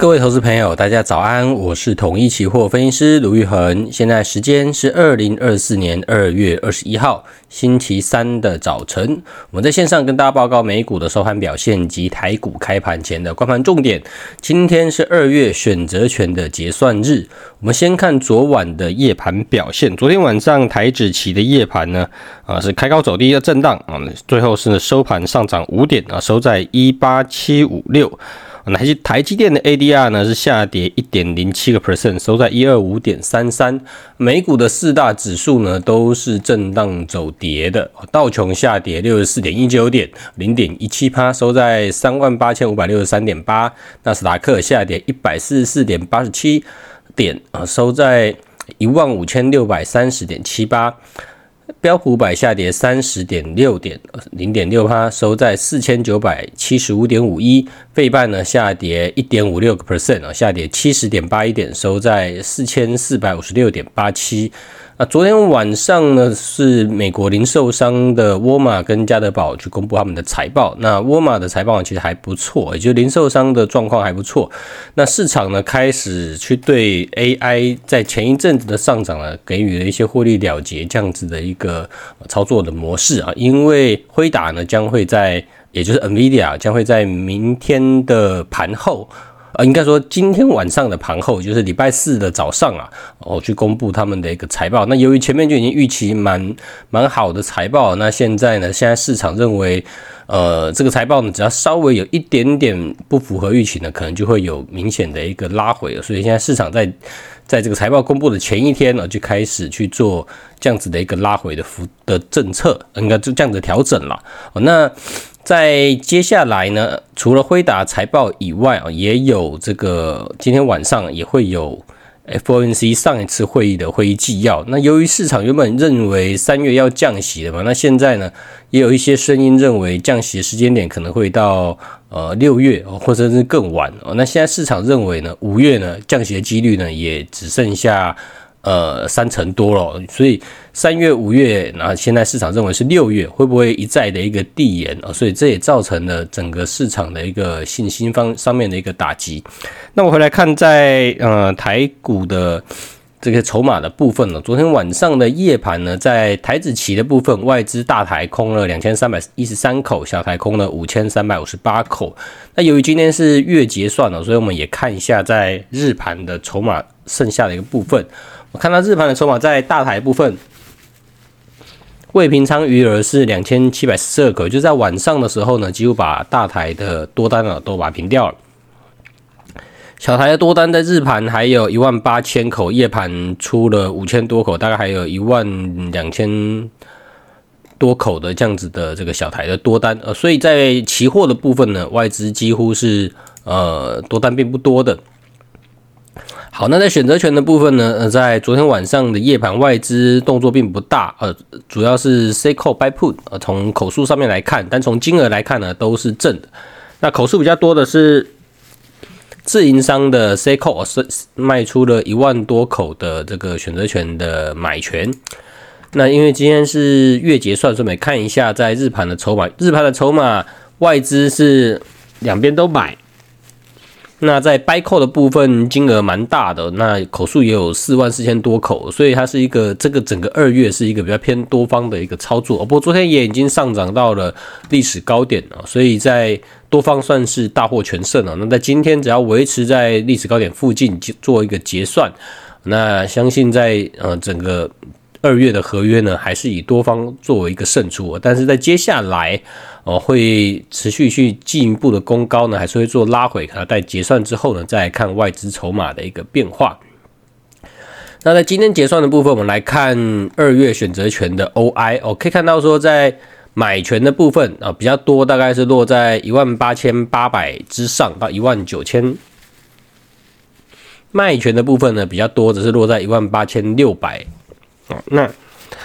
各位投資朋友，大家早安！我是統一期貨分析師盧昱衡，現在時間是二零二四年二月二十一號星期三的早晨。我們在線上跟大家報告美股的收盤表現及台股開盤前的觀盤重點。今天是二月選擇權的結算日，我們先看昨晚的夜盤表現。昨天晚上台指期的夜盤呢，啊、呃、是開高走低的震盪啊、呃，最後是收盤上漲五點啊、呃，收在一八七五六。台積台積電的 ADR 呢是下跌一點零七個 percent，收在一二五點三三。美股的四大指數呢都是震盪走跌的，道瓊下跌六十四點一九點，零點一七趴，收在三萬八千五百六十三點八。納斯達克下跌一百四十四點八十七點，啊，收在一萬五千六百三十點七八。標普五百下跌三十點六點零點六趴，收在四千九百七十五點五一。費半呢下跌一點五六個 percent 啊，下跌七十點八一點，收在四千四百五十六點八七。啊，昨天晚上呢，是美國零售商的沃爾瑪跟家得寶去公布他們的財報。那沃爾瑪的財報其實還不錯，也就是零售商的狀況還不錯。那市場呢，開始去對 AI 在前一陣子的上漲呢，給予了一些獲利了結這樣子的一個操作的模式啊。因為輝達呢，將會在，也就是 NVIDIA 將會在明天的盤後。應該說，今天晚上的盤後就是禮拜四的早上啊，我、哦、去公布他們的一個財報。那由於前面就已經預期蠻蠻好的財報，那現在呢，現在市場認為，呃，這個財報呢，只要稍微有一點點不符合預期呢，可能就會有明顯的一個拉回。所以現在市場在在這個財報公布的前一天呢，就開始去做這樣子的一個拉回的的政策、呃，應該就這樣子調整了。哦、那。在接下來呢，除了輝達財報以外啊，也有這個今天晚上也會有 FOMC 上一次會議的會議紀要。那由於市場原本認為三月要降息的嘛，那現在呢，也有一些聲音認為降息的時間點可能會到呃六月，或者是更晚。那現在市場認為呢，五月呢降息的幾率呢也只剩下。呃，三成多了，所以三月、月、五月，那現在市場認為是六月，會不會一再的一個遞延啊？所以這也造成了整個市場的一個信心方上面的一個打擊。那我回來看在、在呃台股的這個籌碼的部分呢，昨天晚上的夜盤呢，在台指期的部分，外資大台空了兩千三百一十三口，小台空了五千三百五十八口。那由於今天是月結算了，所以我們也看一下在日盤的籌碼剩下的一個部分。我看到日盤的籌碼在大台部分未平倉餘額是兩千七百四十二口，就在晚上的時候呢，幾乎把大台的多單啊都把它平掉了。小台的多單在日盤還有一萬八千口，夜盤出了五千多口，大概還有一萬兩千多口的這樣子的這個小台的多單。呃，所以在期貨的部分呢，外資幾乎是呃多單並不多的。好，那在選擇權的部分呢？呃，在昨天晚上的夜盤，外資動作並不大，呃，主要是 C c o d e b y put，呃，從口數上面來看，但從金額來看呢，都是正的。那口數比較多的是自營商的 C c o l l 是賣出了一萬多口的這個選擇權的買權。那因為今天是月結算，順便看一下在日盤的籌碼。日盤的籌碼，外資是兩邊都買。那在 buy call 的部分金額蠻大的，那口數也有四萬四千多口，所以它是一個這個整個二月是一個比較偏多方的一個操作，不過昨天也已經上漲到了歷史高點啊，所以在多方算是大獲全勝了。那在今天只要維持在歷史高點附近做做一個結算，那相信在呃整個。二月的合約呢，還是以多方作為一個勝出，但是在接下來哦，會持續去進一步的攻高呢，還是會做拉回啊？待結算之後呢，再看外資籌碼的一個變化。那在今天結算的部分，我們來看二月選擇權的 OI 哦，可以看到說，在買權的部分啊、哦、比較多，大概是落在一萬八千八百之上到一萬九千；賣權的部分呢比較多，只是落在一萬八千六百。那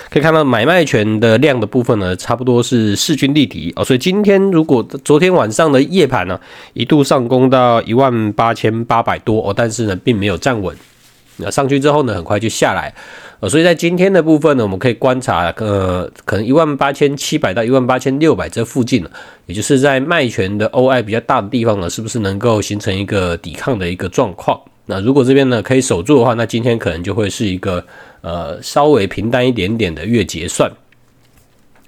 可以看到買賣權的量的部分呢，差不多是勢均力敵啊，所以今天如果昨天晚上的夜盤呢，一度上攻到一萬八千八百多哦，但是呢並沒有站穩，那上去之後呢，很快就下來，呃，所以在今天的部分呢，我們可以觀察呃，可能一萬八千七百到一萬八千六百這附近，也就是在賣權的 OI 比較大的地方呢，是不是能夠形成一個抵抗的一個狀況？那如果這邊呢，可以守住的話，那今天可能就會是一個呃稍微平淡一點點的月結算。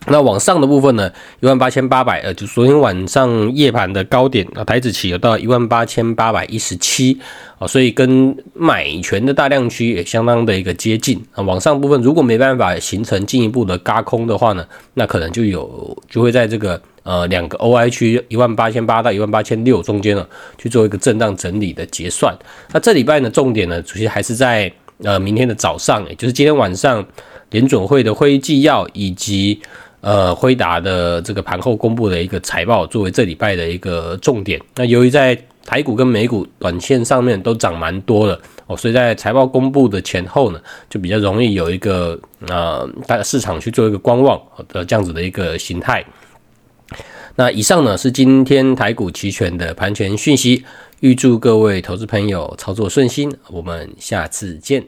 那往上的部分呢，一萬八千八百，呃，就昨天晚上夜盤的高點啊、呃，台指期有到一萬八千八百一十七啊，所以跟買權的大量區也相當的一個接近啊、呃。往上部分如果沒辦法形成進一步的軋空的話呢，那可能就有就會在這個呃兩個 OI 區一萬八千八到一萬八千六中間呢、呃、去做一個震盪整理的結算。那這禮拜呢，重點呢，其實還是在呃明天的早上，也就是今天晚上聯準會的會議紀要以及。呃，輝達的這個盤後公布的一個財報，作為這禮拜的一個重點。那由於在台股跟美股短線上面都漲蠻多的哦，所以在財報公布的前後呢，就比較容易有一個呃，大市場去做一個觀望的、呃、這樣子的一個形態。那以上呢是今天台股期權的盤前訊息，預祝各位投資朋友操作順心，我們下次見。